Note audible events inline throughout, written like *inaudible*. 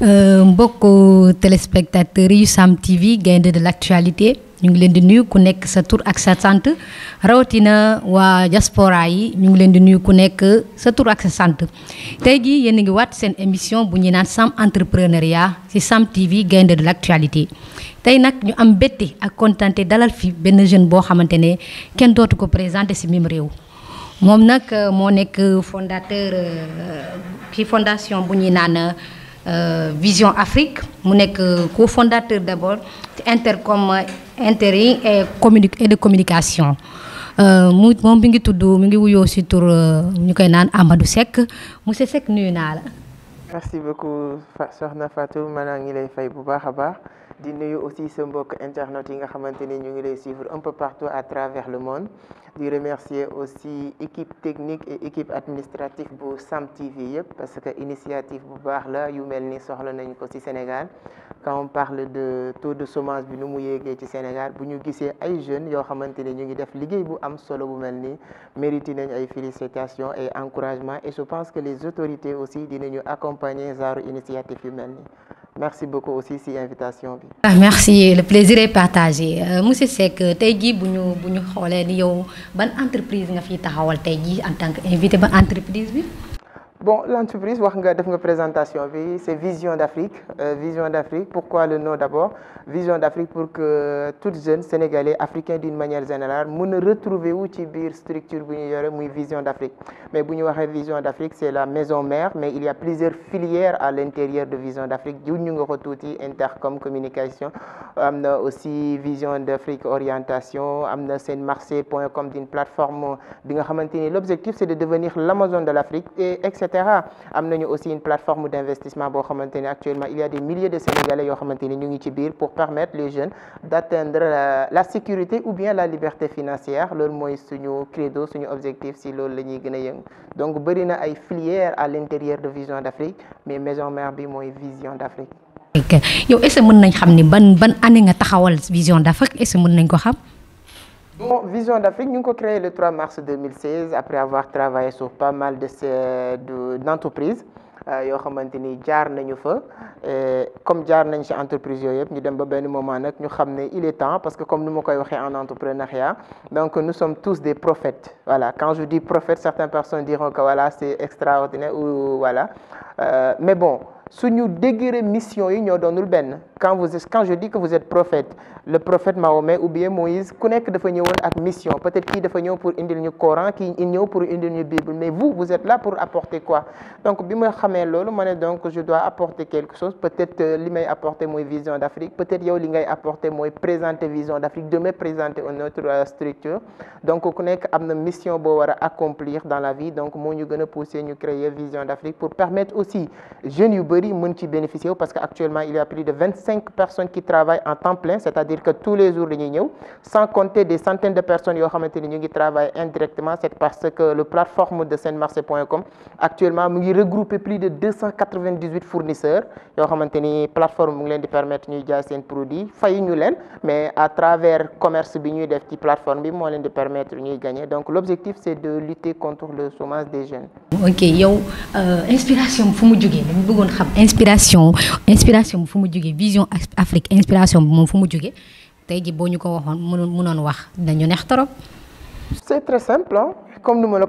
Euh, mbokku téléspectateurs yi Sam TV gaynde de l'actualité ñu ngi leen di nuyu ku nekk sa tour ak sa sant rawatina waa diaspora yi ñu ngi leen di nuyu ku nekk sa tour ak sa sant tey jii yéen a ngi waat seen émission bu ñuy naan Sam entrepreneuriat ci Sam TV gaynde de l'actualité tey nag ñu am mbette ak contenté dalal fi benn jeune boo xamante ne kenn dootu ko présenté ci mim réew moom nag euh, moo nekk fondateur euh, ci fondation bu ñuy naan. Euh, Vision Afrique mu nekk euh, cofondateur d'abord intercom euh, interi et communi et de communication mu moom mi ngi tudd mi ngi wuyoo si tur ñu koy naan Amadou sec. monsieur Seck nuyu naa la. merci beaucoup soxna Fatou maanaam ngi lay fay bu baax a baax di nuyu aussi sa mbokk internet yi nga xamante ni ñu ngi lay suivre un peu partout à travers le monde di remercier aussi équipe technique et équipe administrative bu SAM TV yëpp parce que initiative bu baax la yu mel ni soxla nañ ko ci Sénégal quand on parle de taux de chômage bi nu mu yéegee ci Sénégal bu ñu gisee ay jeunes yo xamante ñu ngi def liggéey bu am solo bu melni mérité nañ ay félicitations et encouragement et je pense que les autorités aussi dinañu accompagner genre initiative yu melni merci beaucoup aussi si invitation bi. ah merci le plaisir est partagé euh, monsieur Seck tay jii bu ñu bu ñu xoolee ni yow ban entreprise nga fi taxawal tay jii en tant qu'invité ba entreprise bi. Bon, l'entreprise, def une présentation c'est Vision d'Afrique, euh, Vision d'Afrique, pourquoi le nom d'abord Vision d'Afrique pour que tout jeunes sénégalais africains d'une manière générale puisse retrouver où ci structure Vision d'Afrique. Mais Vision d'Afrique, c'est la maison mère, mais il y a plusieurs filières à l'intérieur de Vision d'Afrique. Nous y Intercom communication, aussi Vision d'Afrique orientation, amna sen marseille.com d'une plateforme l'objectif c'est de devenir l'Amazon de l'Afrique et etc. Nous avons aussi une plateforme d'investissement. pour maintenir actuellement il y a des milliers de Sénégalais qui ont ñu pour permettre les jeunes d'atteindre la sécurité ou bien la liberté financière C'est notre suñu credo suñu objectif si loolu la a donc filières à l'intérieur de Vision d'Afrique, mais maison mère bi une Vision d'Afrique. Yo, est ce que ban ban année nga taxawal Vision d'Afrique. est Vision d'Afrique, nous avons créé le 3 mars 2016 après avoir travaillé sur pas mal d'entreprises. De euh, yoo xamante jaar comme jaar nañ ci entreprise nous yëpp ñu moment il est temps parce que comme nous en entrepreneuriat donc nous sommes tous des prophètes voilà quand je dis prophète certaines personnes diront que voilà c'est extraordinaire ou voilà euh, mais bon suñu la mission yi ñoo le benn quand vous quand je dis que vous êtes prophète le prophète Mahomet ou bien Moïse connaît que dafa mission peut-être qu'il dafa ñëw pour une ñu Coran ñëw pour indil Bible mais vous vous êtes là pour apporter quoi donc donc je dois apporter quelque chose peut-être que euh, apporter une vision d'Afrique peut-être que li ngay apporter mon présenter vision d'Afrique de me présenter une autre euh, structure donc vous connaît une mission à accomplir dans la vie donc vous ñu pousser créer vision d'Afrique pour permettre aussi jeunes yu bénéficier parce qu'actuellement, il y a plus de 25 personnes qui travaillent en temps plein c'est-à-dire que tous les jours sans compter des centaines de personnes qui travaillent indirectement c'est parce que le plateforme de saint Marseille.com actuellement regroupe plus de 298 fournisseurs La plateforme mu de permettre de produits mais à travers commerce de ñuy def plateforme permettre gagner donc l'objectif c'est de lutter contre le chômage des jeunes. ok euh, inspiration inspiration inspiration vision. Afrique inspiration c'est très simple hein. comme nous le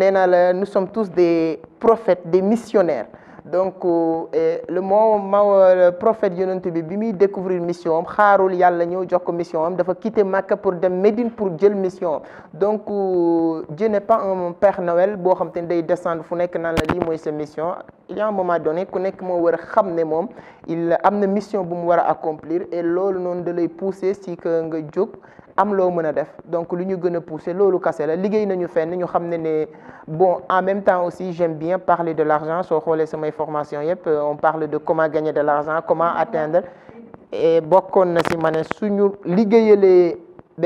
euh, nous sommes tous des prophètes des missionnaires donc euh, le moo ma euh, prophète yonent bi bi mi découvrir mission am xaarul yàlla ñëw jox ko mission am dafa quitter Makka pour dem medine pour jël mission donc euh, Dieu n'est pas un père Noël bo xam te day descendre fu nek nan la li moy sa mission il y a un moment donné ku nek mo war xamné mom il amna mission bu mu wara accomplir et loolu non da lay pousser si que nga jox am lo meuna def donc luñu pousser, pousser lolu kase la liggéey nañu fenn ñu xamné ne bon en même temps aussi j'aime bien parler de l'argent so xolé ma formation yep euh, on parle de comment gagner de l'argent comment atteindre et bokkon na ci mané suñu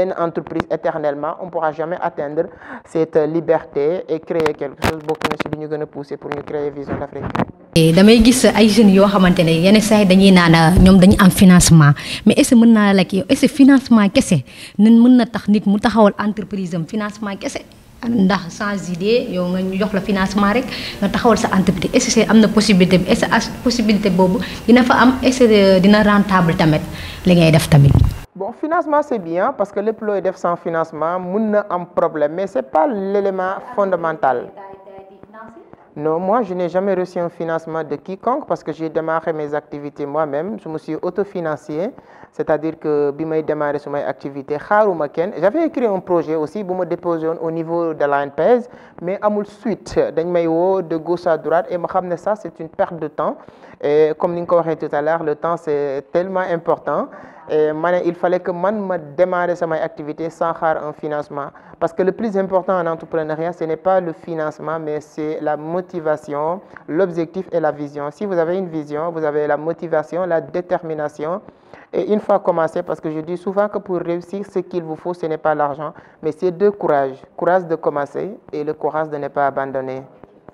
une entreprise éternellement on pourra jamais atteindre cette liberté et créer quelque chose beaucoup nous pousser pour nous créer vision d'Afrique. damay gis ay jeunes yo xamantene yene say dañuy naan euh, ñom dañuy am financement mais est-ce que mën naa la est-ce que financement kese nan mën na tax nit mu taxawal entreprise am financement kese ndax sans idée yow nga ñu jox la financement rek nga taxawal sa est ce que am na possibilité bi est ce possibilité boobu dina fa am est dina rentable tamit li ngay def bon financement c'est bien parce que lépp looy def sans financement mun na am problème mais ce n'est pas l'élément fondamental. Non, moi, je n'ai jamais reçu un financement de quiconque parce que j'ai démarré mes activités moi-même. Je me suis autofinancié c'est-à-dire que bi may démarrer sumay activité j'avais écrit un projet aussi pour me déposer au niveau de l'ANPES, mais à mon suite de gauche à droite et ma ça c'est une perte de temps et comme ni tout à l'heure le temps c'est tellement important et il fallait que man ma démarrer samay activité sans faire un financement parce que le plus important en entrepreneuriat ce n'est pas le financement mais c'est la motivation l'objectif et la vision si vous avez une vision vous avez la motivation la détermination et une fois commencé, parce que je dis souvent que pour réussir, ce qu'il vous faut, ce n'est pas l'argent, mais c'est deux courage, Courage de commencer et le courage de ne pas abandonner.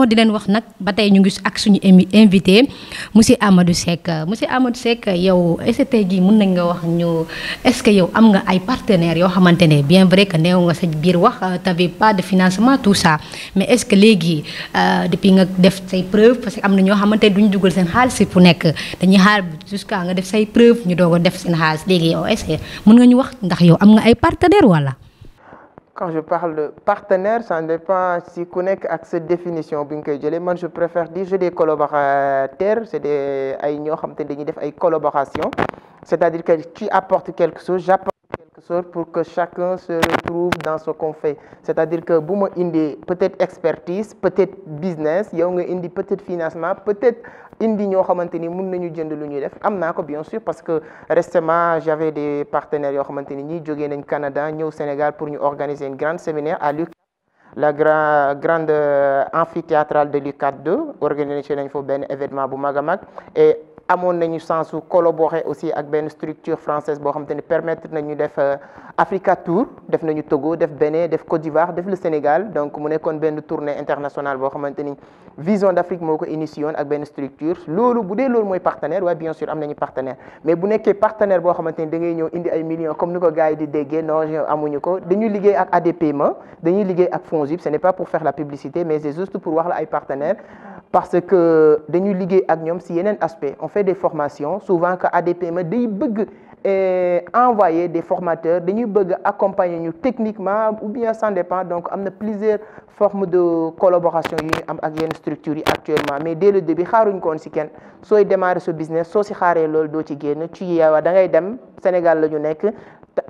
encore di leen wax nag ba tey ñu ngi ak suñu invité monsieur amadou seck monsieur amadou seck yow est ce tey gii mun nañ nga wax ñu est ce que yow am nga ay partenaire yoo xamante ne bien vrai que neew nga sa biir wax tabi pas de financement tout ça mais est ce que léegi depuis nga def say preuve parce que am na ñoo xamante duñ dugal seen xaalis fu nekk dañuy xaar jusqu' nga def say preuve ñu doog def seen xaalis léegi yow est ce que mun nga ñu wax ndax yow am nga ay partenaire wala quand je parle de partenaire ça dépend si connect cette cette définition je préfère dire que des collaborateurs c'est des ay collaboration c'est-à-dire que tu apportes quelque chose j'apporte pour que chacun se retrouve dans ce qu'on fait c'est-à-dire que bu indi peut-être expertise peut-être business yow nga indi peut-être financement peut-être indi ñoo xamanteni ni nañu jënd lu ñuy def bien sûr parce que récemment j'avais des partenaires yo xamanteni ñi joggé nañ Canada Sénégal pour ñu organiser une grande séminaire à Luc, la grande euh, amphithéâtrale de Lucas 2 organiser nañ organisé un événement bu mag et à mon sens collaborer aussi avec une structure française pour nous permettre euh, Africa Tour def nañu Togo def Bénin def Côte d'Ivoire def le Sénégal donc nous avons une tournée internationale vision d'Afrique moko ko initié ak ben structure lolu boudé lolu moy partenaire wa bien sûr am nañu partenaire mais bu nekkee partenaire bo xamante da ngay ñëw indi ay millions comme niko gaay non, di déggé non amuñu ko Nous liggéey ak ADPM, dañuy liggéey ak FONGIP ce n'est pas pour faire la publicité mais c'est juste pour wax la ay partenaires parce que dañuy liggéey ak ñom si yenen aspect on fait des formations souvent que ADPMA day bëgg et envoyer des formateurs dañuy nous accompagner ñu techniquement ou bien sans dépend donc y a plusieurs formes de collaboration qui sont am actuellement mais dès le début xaaruñ koon si kenn on démarrer son business soit si xaaree loolu le ci génn ci yeewa da ngay dem Sénégal la ñu nekk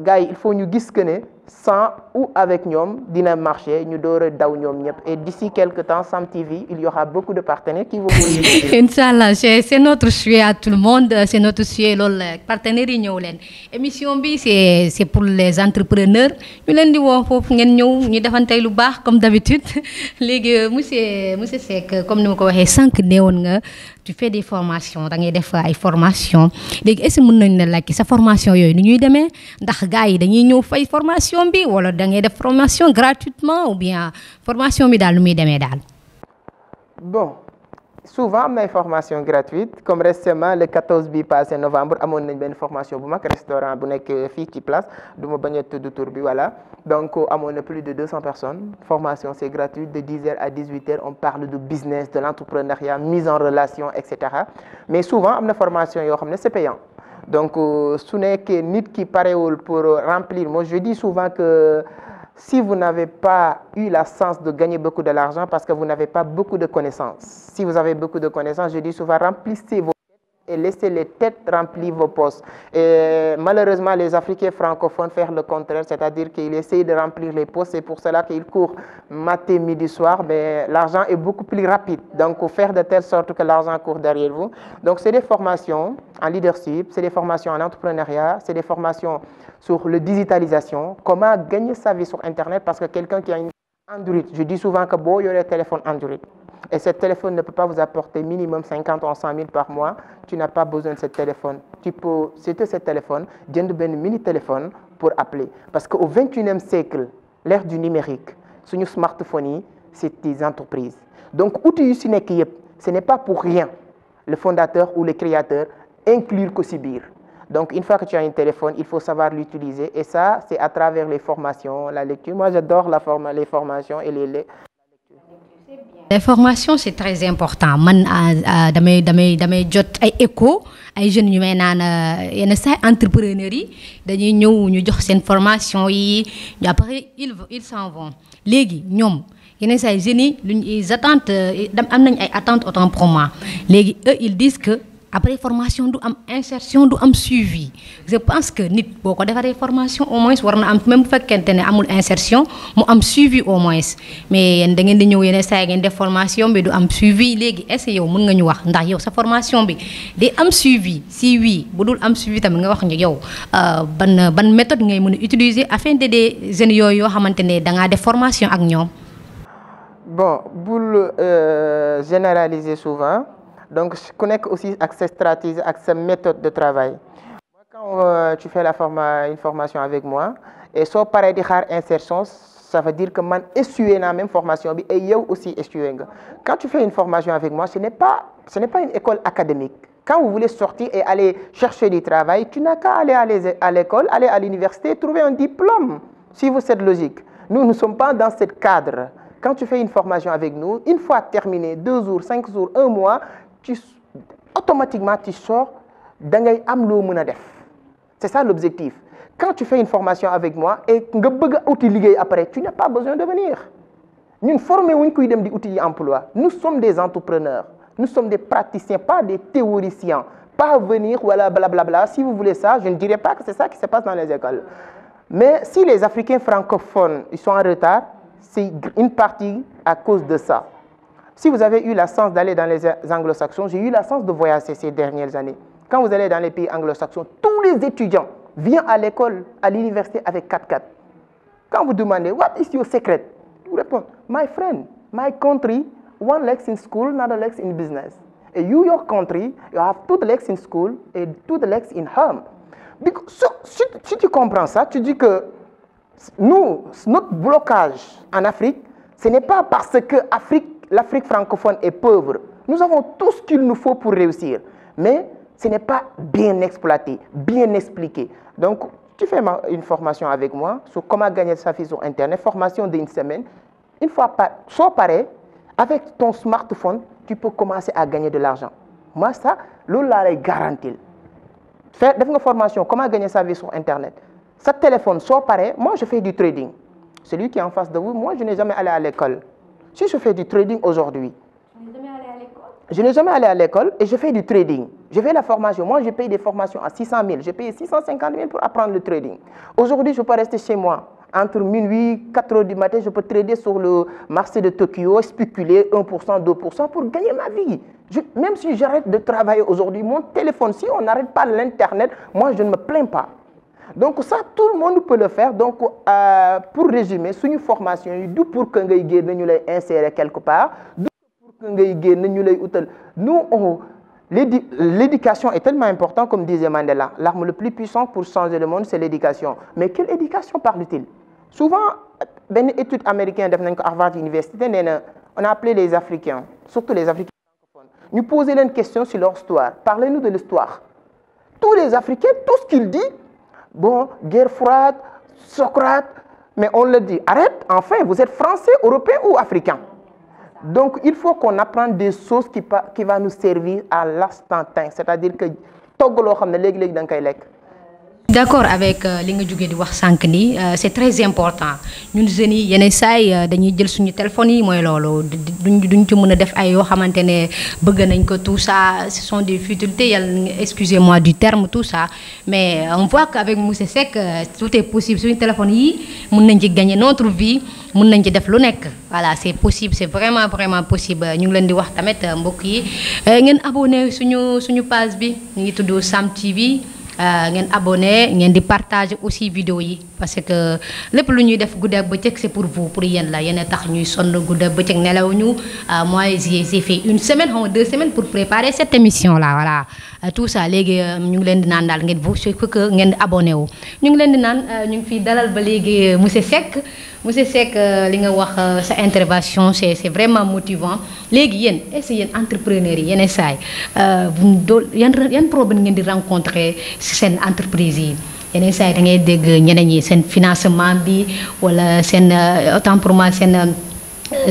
gars il faut ñu gis que sans ou avec nous, dina marché nous door dans daw et d'ici quelques temps Sam TV il y aura beaucoup de partenaires qui vont *laughs* inchallah c'est notre souhait à tout le monde c'est notre souhait les partenaires nous. ñëw L'émission émission c'est pour les entrepreneurs Nous, nous di woo foofu ngeen comme d'habitude Nous, *laughs* euh, monsieur monsieur Seck comme nous ko tu fais des formations da ngay def ay formation léegi est-ce que mën nañ ne lakki sa formation yoy ni ñuy démé ndax gaay yi dañuy ñëw fay formation bi wala da ngay def formation gratuitement ou bien formation bi dal nu muy demee daal bon souvent y a gratuites, formation gratuite comme récemment le 14 bi passé novembre à mon une formation bu un restaurant bu une fille qui place de mon bañ a tourbi voilà donc à mon plus de 200 personnes formation c'est gratuit de 10 h à 18 h on parle de business de l'entrepreneuriat mise en relation etc. mais souvent la formation yoo payant donc c'est payant donc euh, su nekkee qui ki paraît pour remplir moi je dis souvent que si vous n'avez pas eu la chance de gagner beaucoup de l'argent parce que vous n'avez pas beaucoup de connaissances. Si vous avez beaucoup de connaissances, je dis souvent, remplissez vos et laissez les têtes remplir vos postes. Et malheureusement, les Africains francophones font le contraire, c'est-à-dire qu'ils essayent de remplir les postes. C'est pour cela qu'ils courent matin, midi, soir. Mais l'argent est beaucoup plus rapide. Donc, faire de telle sorte que l'argent court derrière vous. Donc, c'est des formations en leadership, c'est des formations en entrepreneuriat, c'est des formations sur la digitalisation, comment gagner sa vie sur Internet parce que quelqu'un qui a une Android, je dis souvent que beau, il y aurait un téléphone Android et ce téléphone ne peut pas vous apporter minimum 50 ou 100 000 par mois, tu n'as pas besoin de ce téléphone. Tu peux, citer ce téléphone, jënd mini téléphone pour appeler. Parce qu'au 21e siècle, l'ère du numérique, suñu smartphone c'est des entreprises. Donc outils tu si ce n'est pas pour rien le fondateur ou le créateur inclure le Donc, une fois que tu as un téléphone, il faut savoir l'utiliser. Et ça, c'est à travers les formations, la lecture. Moi, j'adore les formations et les l'information c'est très important man euh, euh, damay damay damay jot ay écho ay jeunes yu may naan euh, yenn saa entrepreneurs yi dañuy ñëw ñu jox seen formation yi ñu après ils ils s'en vont léegi ñoom yenn saa jeunes yi luñ ils attendent am nañ ay attentes autant pour moi léegi eux ils disent que après formation du am insertion du am suivi je pense que nit boko ko formation au moins warna am même fekente fekkente ne amul insertion mu am suivi au moins mais yéen da ngeen di ñëw yene saa ngeen def formation bi du am suivi légui est yow mën nga ñu wax ndax yow sa formation bi dé am suivi si oui budul am suivi tam nga wax ñu yow euh, ban ban méthode ngay mën utiliser afin des jeunes yo yo xamantene da nga def formation ak ñom bon euh, généraliser souvent. Donc, je connais aussi avec stratégie avec méthode de travail. quand euh, tu fais la une formation avec moi et ça, pareil di insertion ça veut dire que man dans la même formation et yow aussi es Quand tu fais une formation avec moi ce n'est pas ce n'est pas une école académique. Quand vous voulez sortir et aller chercher du travail tu n'as qu'à aller à l'école aller à l'université trouver un diplôme si vous cette logique. Nous ne sommes pas dans ce cadre. Quand tu fais une formation avec nous, une fois terminée, deux jours, cinq jours, un mois, tu automatiquement tu sors d'un am c'est ça l'objectif quand tu fais une formation avec moi et que tu après tu n'as pas besoin de venir emploi nous sommes des entrepreneurs nous sommes des praticiens pas des théoriciens pas venir voilà blablabla si vous voulez ça je ne dirais pas que c'est ça qui se passe dans les écoles mais si les Africains francophones ils sont en retard c'est une partie à cause de ça si vous avez eu la chance d'aller dans les anglo-saxons, j'ai eu la chance de voyager ces dernières années. Quand vous allez dans les pays anglo-saxons, tous les étudiants viennent à l'école, à l'université avec 4x4. Quand vous demandez, what is your secret? Vous répondez, my friend, my country, one legs in school, another legs in business. And you, your country, you have two legs in school and two legs in home. si, si tu comprends ça, tu dis que nous, notre blocage en Afrique, ce n'est pas parce que Afrique l'Afrique francophone est pauvre. Nous avons tout ce qu'il nous faut pour réussir. Mais ce n'est pas bien exploité, bien expliqué. Donc, tu fais une formation avec moi sur comment gagner sa vie sur Internet, formation d'une semaine. Une fois par, soit pareil, avec ton smartphone, tu peux commencer à gagner de l'argent. Moi, ça, l'Ola est garantie Faire une formation, comment gagner sa vie sur Internet. Sa téléphone, soit pareil, moi, je fais du trading. Celui qui est en face de vous, moi, je n'ai jamais allé à l'école. Si je fais du trading aujourd'hui, je n'ai jamais allé à l'école et je fais du trading. Je fais la formation. Moi, je paye des formations à 600 000. je payé 650 000 pour apprendre le trading. Aujourd'hui, je peux rester chez moi. Entre minuit, 4 heures du matin, je peux trader sur le marché de Tokyo, spéculer 1%, 2% pour gagner ma vie. même si j'arrête de travailler aujourd'hui, mon téléphone, si on n'arrête pas l'Internet, moi, je ne me plains pas donc ça tout le monde peut le faire donc euh, pour résumer une formation d'où pour que ngay insérer quelque part D'où pour que ngay ñu nous L'éducation est tellement importante, comme disait Mandela. L'arme le plus puissante pour changer le monde, c'est l'éducation. Mais quelle éducation parle-t-il Souvent, ben étude américaine de Harvard University, on a appelé les Africains, surtout les Africains Nous poser une question sur leur histoire. Parlez-nous de l'histoire. Tous les Africains, tout ce qu'ils disent, bon, guerre froide, Socrate, mais on le dit, arrête, enfin, vous êtes français, européen ou africain. Donc, il faut qu'on apprenne des choses qui, qui vont nous servir à l'instantané. C'est-à-dire que, d'accord avec euh, li nga jógee di wax sànq nii euh, c'est très important ñun jeunes yi yeneen saay euh, dañuy jël suñu téléphone yi mooy loolu duñ duñ ci mun a def ay yoo xamante ne bëgg nañ ko tout ça ce des futilités yàlla excusez-moi du terme tout ça mais on voit qu'avec Moussa Seck tout est possible suñu téléphones yi mun nañ ci gagner notre vie mun nañ ci def lu nekk voilà c'est possible c'est vraiment vraiment possible ñu ngi leen di wax tamit mbokk yi ngeen abonné suñu suñu page bi ñu ngi tudd Sam TV Euh, ngeen abonné ngeen di partager aussi vidéo yi parce que lepp lu ñuy def guddeeg c'est pour vous pour vous. la êtes tax ñuy sonn guddeeg là nelaw ñu euh, moi j'ai fait une semaine ou deux semaines pour préparer cette émission là voilà Euh, tout ça léegi euh, ñu ngi leen di naan daal ngeen bu su que ngeen abonné wu ñu ngi leen di naan euh, ñu ngi fii dalal ba léegi monsieur Seck monsieur Seck li nga wax sa intervention c'est c'est vraiment motivant léegi yéen est-ce que yéen entrepreneurs yi yeneen saay bu dool yan yan problème ngeen di rencontrer si seen entreprise yi yeneen saay da ngay dégg ñeneen ñi seen financement bi wala seen autant pour moi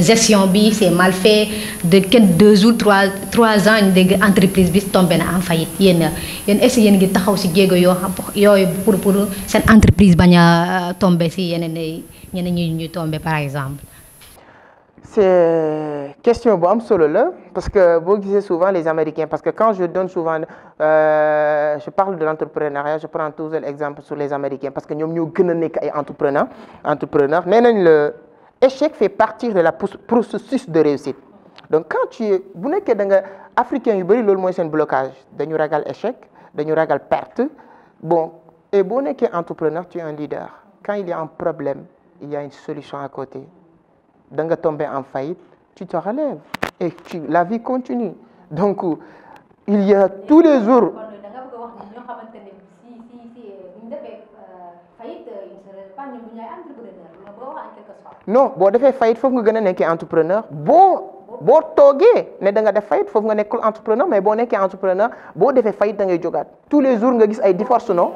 gestion bi c'est mal fait de quelques deux ou trois trois ans ñu dégg entreprise bi tombé na en faillite yene yene est-ce que ngi taxaw ci jéego yo yoy pour pour cette entreprise baña a euh, tombé si yeneen ay ñi ñuy tombé par exemple. c'est question bu am solo la parce que boo gisee souvent les Américains parce que quand je donne souvent euh, je parle de l'entrepreneuriat je prends toujours l'exemple sur les Américains parce que ñom ñoo gëna nek ay entrepreneurs entrepreneurs nee le échec fait partie de la processus de réussite donc quand tu es Si tu da nga africain yu bëri loolu mooy blocage dañu ragal échec dañu ragal perte bon et tu es entrepreneur tu es un leader quand il y a un problème il y a une solution à côté da nga tombé en faillite tu te relèves et la vie continue donc il y a tous les jours non boo defee faillite fof nga gëna a entrepreneur boo bo togué ne da nga def faillite fof nga nekkul entrepreneur mais boo nekkee entrepreneur bo defee faillite da ngay jogat tous les jours nga gis ay divorce non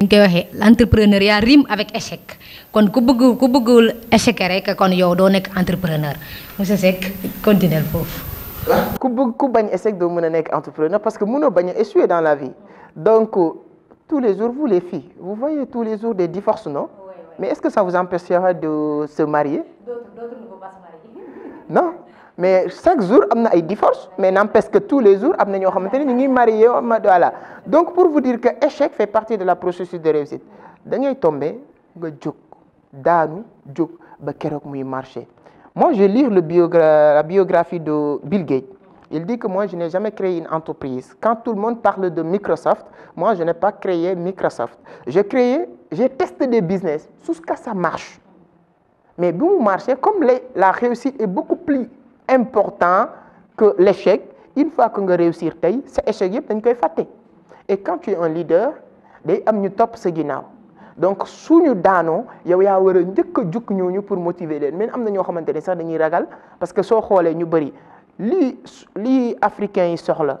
ñu koy waxee l'entrepreneuriat rime avec échec kon ku bëgg ku bëggul échec rek kon yow do nekk entrepreneur monsieur Seck continuer fof ku bëgg ku bañ échec do mëna a nekk entrepreneur parce que mëno bañ a échouer dans la vie donc tous les jours vous les filles vous voyez tous les jours des divorces non mais est-ce que ça vous empêchera de se marier D'autres ne vont pas se marier. *laughs* Non. mais chaque jour y a ay divorce mais n'empêche que tous les jours il y ñoo des donc pour vous dire que l'échec fait partie de la processus de réussite da ngay tombé nga marché moi je lis le la biographie de Bill Gates il dit que moi je n'ai jamais créé une entreprise quand tout le monde parle de Microsoft moi je n'ai pas créé Microsoft j'ai créé j'ai testé des business jusqu'à ça marche. Mais bon marché, comme la réussite est beaucoup plus importante que l'échec, une fois que vous réussissez, c'est échec vous koy faté. Et quand tu es un leader, day am ñu top si vous Donc suñu daano yow ya wara ñëk juk ñooñu pour motiver Mais vous na ñoo xamantene sax dañuy ragal parce que soo xoolee ñu bëri li les africains sont là,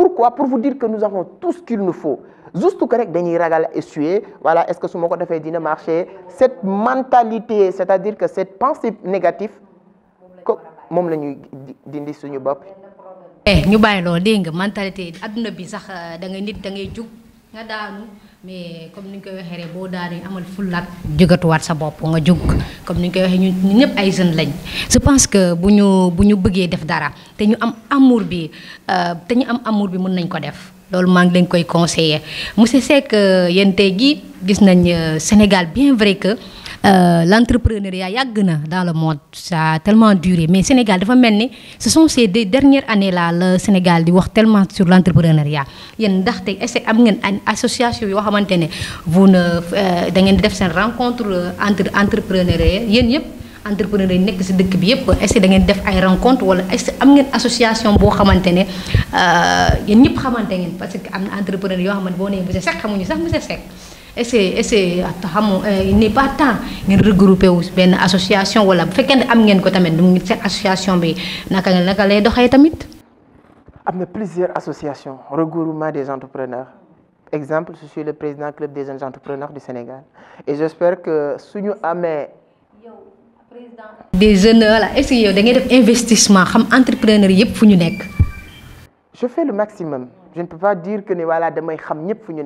pourquoi pour vous dire que nous avons tout ce qu'il nous faut juste que rek dañuy ragal suer. voilà est-ce que ce ma cette mentalité c'est-à-dire que cette pensée négative c'est ce que nous dindi eh, mentalité mais comme ni ñu koy waxee rek boo daane amal fullaat jógatuwaat sa bopp nga jug comme ni ñu koy waxee ñun ñun ñëpp ay je pense que bu ñu bu def dara te ñu am amour bi euh, te ñu am amour bi mën nañ ko def loolu maa ngi leen koy conseiller monsieur Seck euh, yéen tey gii gis nañ euh, Sénégal bien vrai que euh, l'entrepreneuriat yagna dans le monde ça a tellement duré mais Sénégal dafa melni ce sont ces deux dernières années là le Sénégal di wax tellement sur l'entrepreneuriat entrepreneuriat yéen ndaxte est-ce que am ngeen association yoo xamante ne vous ne euh, da ngeen def sen rencontre euh, entre entrepreneurs yéen yep entrepreneur yi nekk si dëkk bi yëpp est-ce da ngeen def ay rencontre wala est-ce que am ngeen association boo xamante ne euh, yéen ñëpp xamante ngeen parce que am na entrepreneur yoo xamante boo nee monsieur Seck xamuñu sax monsieur Seck est-ce xam il n'est pas temps de regrouper une association voilà bu fekkee ne am ngeen ko tamit mu association bi naka naka tamit. plusieurs associations regroupement des entrepreneurs exemple je suis le président du club des jeunes entrepreneurs du Sénégal et j'espère que suñu amee. des jeunes là est-ce que vous avez des def investissement xam entrepreneur yëpp je fais le maximum je ne peux pas dire que ne voilà demain xam ñëpp fu ñu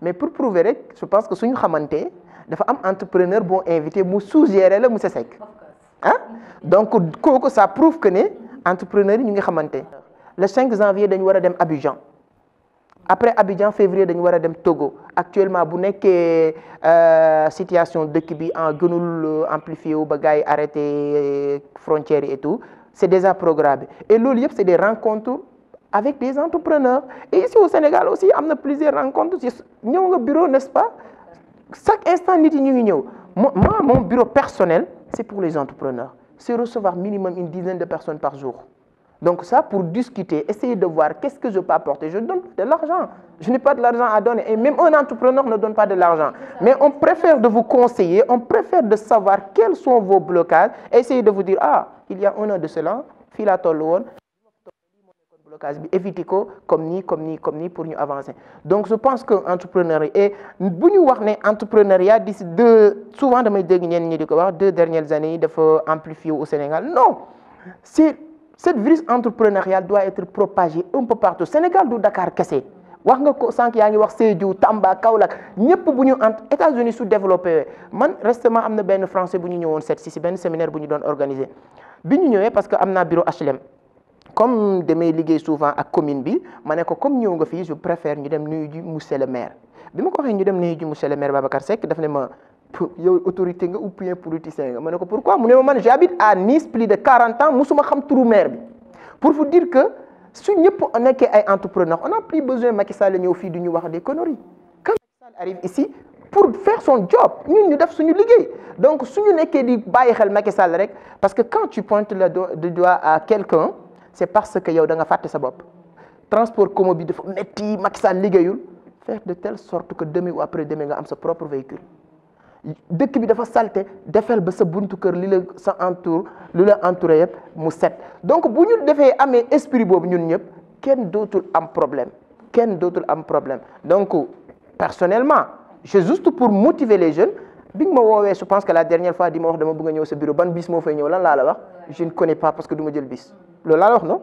mais pour prouver je pense que suñu y dafa am entrepreneur bon invité mu suggéré la Monsieur Seck ah? donc ça prouve que les entrepreneur sont le 5 janvier on sommes à dem Abidjan après Abidjan en février on sommes à dem Togo actuellement bu la euh, situation de bi en gënul euh, amplifié wu ba arrêté euh, frontières et tout c'est déjà programmé et loolu c'est des rencontres avec des entrepreneurs. Et ici au Sénégal aussi, il y a plusieurs rencontres. Nous avons un bureau, n'est-ce pas Chaque instant, nous avons Moi, mon bureau personnel, c'est pour les entrepreneurs. C'est recevoir minimum une dizaine de personnes par jour. Donc ça, pour discuter, essayer de voir qu'est-ce que je peux apporter. Je donne de l'argent. Je n'ai pas de l'argent à donner. Et même un entrepreneur ne donne pas de l'argent. Mais on préfère de vous conseiller, on préfère de savoir quels sont vos blocages. essayez de vous dire, ah, il y a un an de cela, filatol blocage bi éviter comme ni comme ni comme ni pour nous avancer donc je pense que entrepreneuriat et bu ñu wax né entrepreneuriat d'ici deux souvent damay dégg ñen ñi di wax deux dernières années yi dafa amplifier au Sénégal non c'est cette virus entrepreneurial doit être propagé un peu partout Sénégal du Dakar kese wax nga ko sank yaa ngi wax Sédhiou Tamba Kaolack ñëpp bu ñu États-Unis sous développé man récemment amna ben français bu ñu ñëwoon seet si si séminaire bu ñu doon organisé bi ñu parce que amna bureau HLM comme je liggéey souvent ak commune bi comme nous nga je préfère ñu dem nuyu ji le maire bi ma ko waxee ñu dem nuyu ji monsieur le maire Babacar Seck daf ne ma autorité ou bien politicien nga pourquoi mu ma j'habite à Nice plus de 40 ans je musuma xam turu maire bi pour vous dire que su nous sommes ay entrepreneur on a plus besoin Macky Sall ñëw fii du ñu wax des conneries quand Macky Sall arrive ici pour faire son job ñun ñu def suñu liggéey donc suñu nekkee di bàyyi xel Macky Sall rek parce que quand tu pointes le doigt à quelqu'un c'est parce que yow da nga faté sa bop transport commun bi dafa metti Macky Sall liggéeyul faire de telle sorte que demain ou après demi nga am sa propre véhicule dëkk bi dafa salté défel ba sa buntu kër li la sa entour li la entouré yépp mu set donc bu défé amé esprit bobu ñun ñëpp kenn dootul am problème kenn dootul am problème donc personnellement suis juste pour motiver les jeunes bi nga ma je pense que la dernière fois di ma wax dama bëgg a ñëw bureau ban bis moo fay ñëw lan laa la wax je ne connais pas parce que du ma jël bis loolu laa la wax non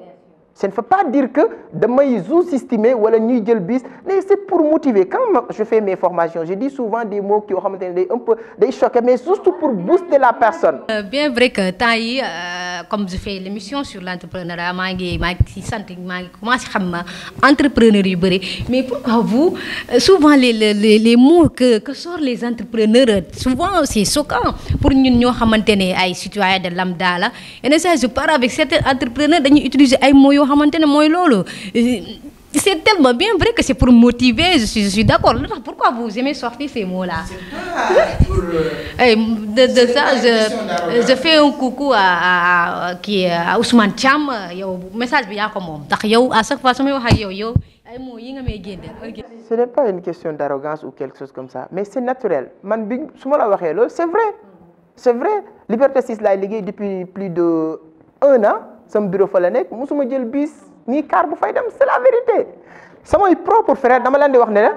ça ne veut pas dire que demain ils estimé estimer ou le bis, mais c'est pour motiver. Quand je fais mes formations, je dis souvent des mots qui ont un peu des mais surtout pour booster la personne. Euh, bien vrai que euh, comme je fais l'émission sur l'entrepreneuriat, entrepreneur libre. mais pourquoi vous, euh, souvent les, les, les mots que, sortent les entrepreneurs, souvent c'est choquant pour nous, nous, nous, les citoyens de lambda. Là. Et ça, je parle avec certains entrepreneurs, ils utilisent un mots c'est tellement bien vrai que c'est pour motiver je suis d'accord pourquoi vous aimez sortir ces mots-là. Euh, eh, de ça je fais un coucou à Ousmane Thiam yow message bi comme ko moom à chaque fois su may wax ak ay ce n'est pas une question d'arrogance ou quelque chose comme ça mais c'est naturel man bi la c'est vrai. c'est vrai Liberté 6 laay liggéey depuis plus de un an sama bureau fa la nekk musuma jël bis nii car bu fay dem c'est la vérité samay propre frère dama leen di wax ne la euh,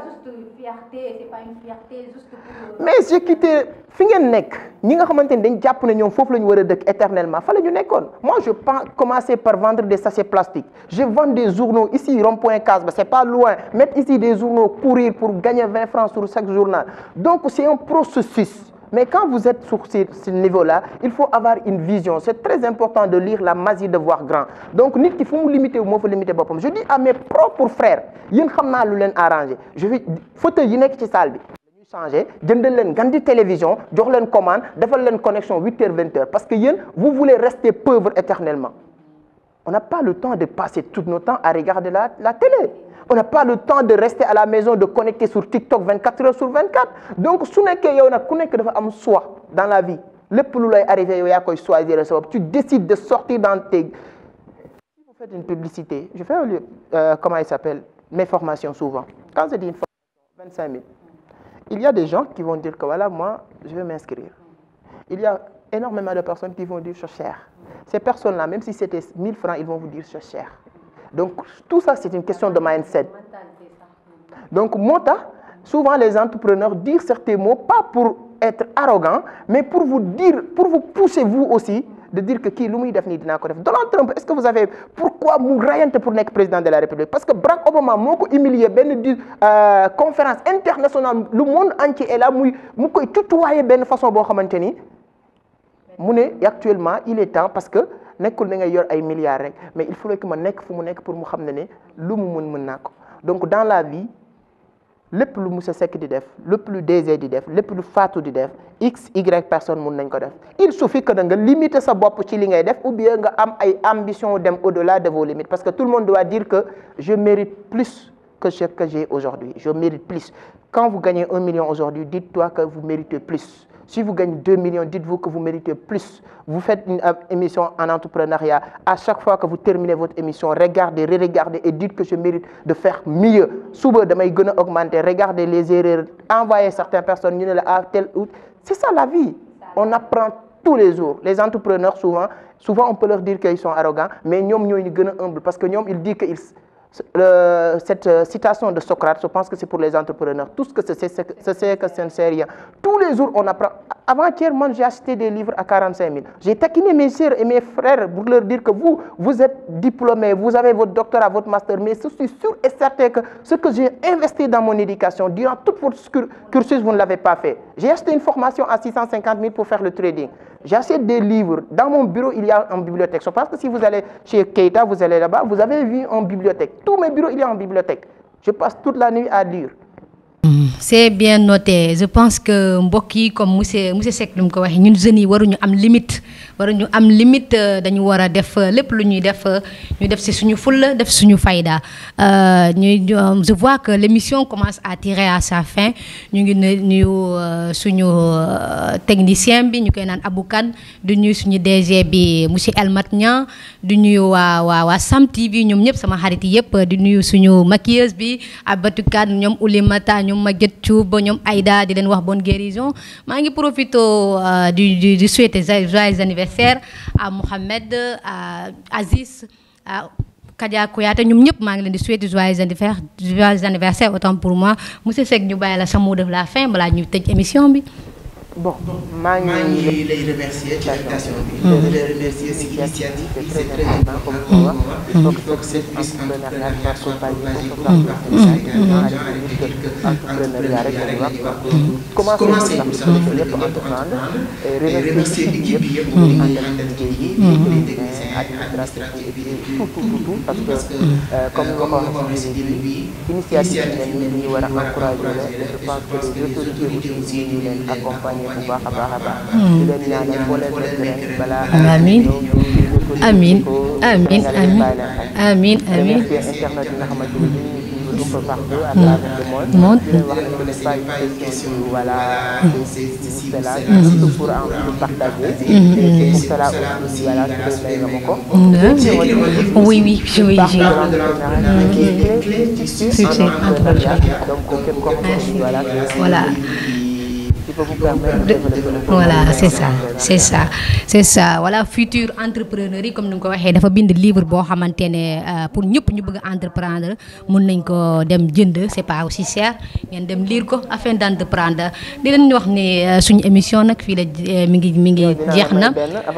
mais j'ai quitté fi ngeen nekk ñi nga xamante ni dañ jàpp ne ñoom foofu la ñu war a dëkk éternellement fa la ñu nekkoon moi je commencé par vendre des sachets plastiques je vends des journaux ici rond-point Case ba c'est pas loin mettre ici des journaux courir pour gagner 20 francs sur chaque journal donc c'est un processus mais quand vous êtes sur ce, niveau-là, il faut avoir une vision. C'est très important de lire la magie de voir grand. Donc, il qui faut limiter ou moi faut limiter Je dis à mes propres frères, yeen xamna lu len arranger. Je vais fauteuil yi nek ci salle bi. vais changer jëndal len gandi télévision jox len commande defal len connexion 8h 20h parce que vous voulez rester pauvre éternellement on n'a pas le temps de passer tout notre temps à regarder la, télé. On n'a pas le temps de rester à la maison, de connecter sur TikTok 24 heures sur 24. Donc, si on a dans la vie, le tu décides de sortir dans tes... Si vous faites une publicité, je fais euh, comment il s'appelle, mes formations souvent. Quand je dis une formation, 25 000, il y a des gens qui vont dire que voilà, moi, je vais m'inscrire. Il y a énormément de personnes qui vont dire, je cher. Ces personnes-là, même si c'était 1000 francs, ils vont vous dire c'est cher. Donc, tout ça, c'est une question de mindset. Donc, Mota, souvent les entrepreneurs disent certains mots, pas pour être arrogant, mais pour vous dire, pour vous pousser vous aussi, de dire que qui l'oumi def ni Donald Trump est-ce que vous avez pourquoi mu pour être président de la République parce que Barack Obama Moko humilié humilier une euh, conférence internationale le monde entier est là il mu koy de de façon bon à actuellement il est temps parce que nekul ay milliards mais il faut que ma nek fumu pour mu xamné ne mën donc dans la vie le lu Moussa Seck di def le lu désir di def lepp lu Fatou di def x y personne ne nañ ko def il suffit que da nga limiter sa pour ci li ngay def ou bien nga am ay ambition dem au-delà de vos limites parce que tout le monde doit dire que je mérite plus que ce que j'ai aujourd'hui je mérite plus quand vous gagnez un million aujourd'hui dites-toi que vous méritez plus si vous gagnez 2 millions, dites-vous que vous méritez plus. Vous faites une euh, émission en entrepreneuriat. À chaque fois que vous terminez votre émission, regardez, regardez et dites que je mérite de faire mieux. Souvent, ils vont augmenter. Regardez les erreurs. Envoyez certaines personnes. Ah, c'est ça la vie. On apprend tous les jours. Les entrepreneurs, souvent, souvent on peut leur dire qu'ils sont arrogants, mais ils sont humbles parce que ils disent qu'ils euh, cette euh, citation de Socrate, je pense que c'est pour les entrepreneurs. Tout ce que c'est, c'est que c'est sérieux. Tous les jours, on apprend. Avant-hier, moi, j'ai acheté des livres à 45 000. J'ai taquiné mes sœurs et mes frères pour leur dire que vous, vous êtes diplômés, vous avez votre doctorat, votre master, mais je suis sûr et certain que ce que j'ai investi dans mon éducation, durant tout votre cursus, vous ne l'avez pas fait. J'ai acheté une formation à 650 000 pour faire le trading. J'achète des livres. Dans mon bureau, il y a une bibliothèque. Je pense que si vous allez chez Keita, vous allez là-bas, vous avez vu une bibliothèque. Tous mes bureaux, il y a une bibliothèque. Je passe toute la nuit à lire c'est bien noté je pense que Mboki comme monsieur monsieur limites, nous ko am limite am limite euh, def euh, limites, lu def euh, ñu def je vois que l'émission commence à tirer à sa fin nous ngi nuyu technicien bi ñu DG Sam TV nous sommes sama xarit di nuyu suñu maquilleuse bi Abatou tout bonhomme aida Aïda di leen bonne guérison mangi profite euh, du du du souhaiter joyeux anniversaire à Mohamed à Aziz à Kadia Kouyaté ñoom ñëpp maa ngi di souhaiter joyeux anniversaire joyeux anniversaire autant pour moi monsieur Seck ñu bàyyi la sa de la fin balaa ñuy tëj émission bi. bon maa ngi lay remercier ci invitation bi. di lay mm. remercier ci initiative bi mm. c'est très mm. important. il faut que cette puisse entrepreneuriat soit accompagné pour que entrepreneuriat rek la ñuy wax. commencé nañu sax lépp entreprendre et remercier équipe bi yëpp. ñu ngi àndal liggéey yi. techniciens administratifs bi tout tout tout parce que euh, euh, comme nga ko waxee ci début bi initiative bi ñu war a encourager la je pense que les autorités aussi ñu leen accompagner. Amin. Amin. Amin. Amin. Amin. Amin. oui oui voilà. qui peut vous permettre c'est ça c'est ça c'est ça voilà futur entrepreneur yi comme ni nga ko waxee dafa bind livre boo xamante ne euh, pour ñëpp ñu bëgg entreprendre mun nañ koo dem jënd c'est pas aussi cher ngeen dem lire ko afin d'entreprendre di leen wax ne euh, suñu émission nag fii la euh, mi ngi mi ngi jeex na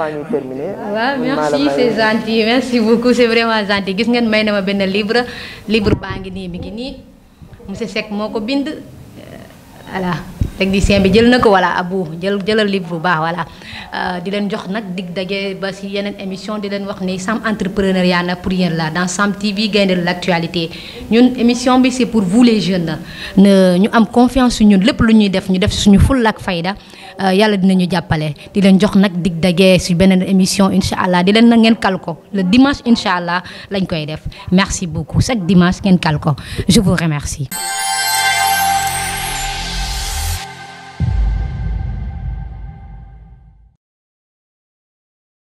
waaw merci c'est gentil merci beaucoup c'est vraiment gentil gis ngeen may na ma benn livre livre baa ngi nii mi ngi nii monsieur Seck moo ko bind voilà technicien bi jël na ko voilà abou jël jëlal livre bu baax voilà euh, di leen jox nag dig daje ba si yeneen émission di leen wax ni Sam entrepreneuriat na pour yéen la dans Sam TV gaynde l' actualité ñun émission bi c' est pour vous les jeunes ne ñu am confiance ñun lépp lu ñuy def ñu def suñu full ak fayda euh, yàlla dinañu jàppale di leen jox nag dig daje si beneen émission incha allah di leen na ngeen kal ko le dimanche incha allah lañ koy def merci beaucoup chaque dimanche ngeen kal ko je vous remercie